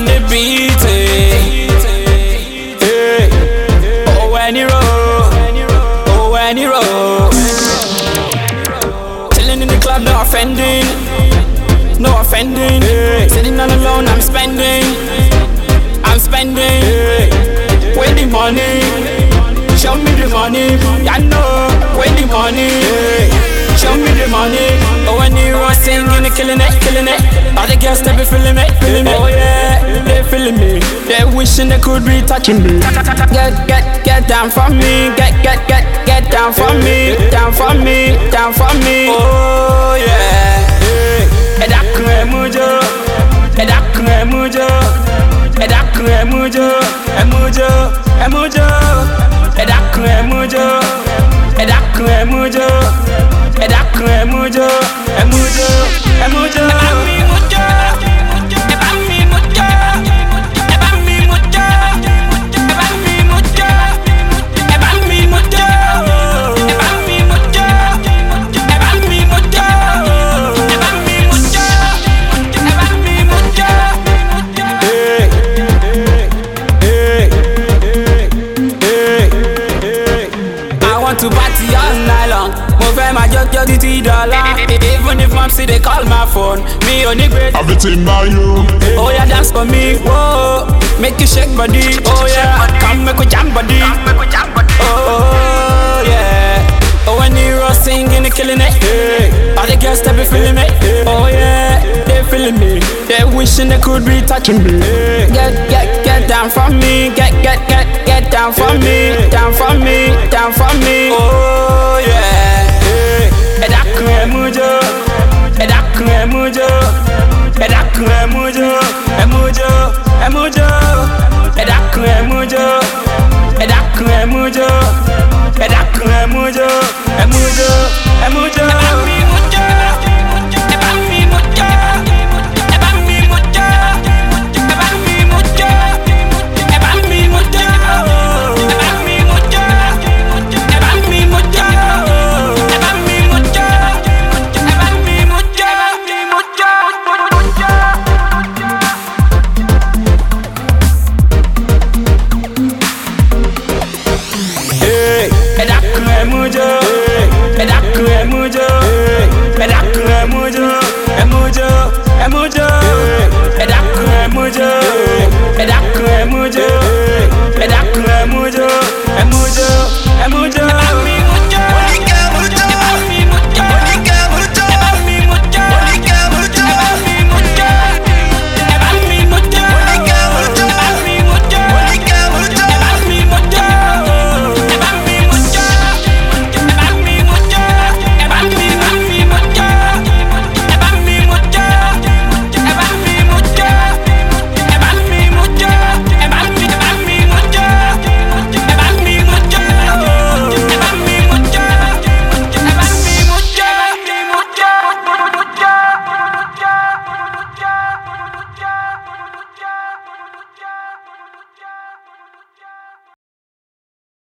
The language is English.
on the beat. Hey. Eh. Oh, when he oh, when he roll. in the club, no offending, no offending. Hey. Sitting all alone, I'm spending, I'm spending. Hey. Where the money? Show me the money, I know. Where the money? Hey show me the money. Oh, when you run singing, killing it, killing it. All the girls, they be feeling it, feeling it. Oh, yeah they feeling me. They wishing they could be touching me. Get, get, get down for me. Get, get, get, get down for me. Down for me, down for me. Oh yeah. thirty dollar. Even if mom see they call my phone, me only great. Everything by you. Oh yeah, dance for me, whoa. Make you shake body, oh yeah. Come make we jam body, oh, oh yeah. Oh when the rock singing, they killing it. Hey. All the girls they be feeling me, oh yeah. They feeling me, they wishing they could be touching me. Get get get down from me, get get get get down from me, down from me, down from me. Oh. 그죠?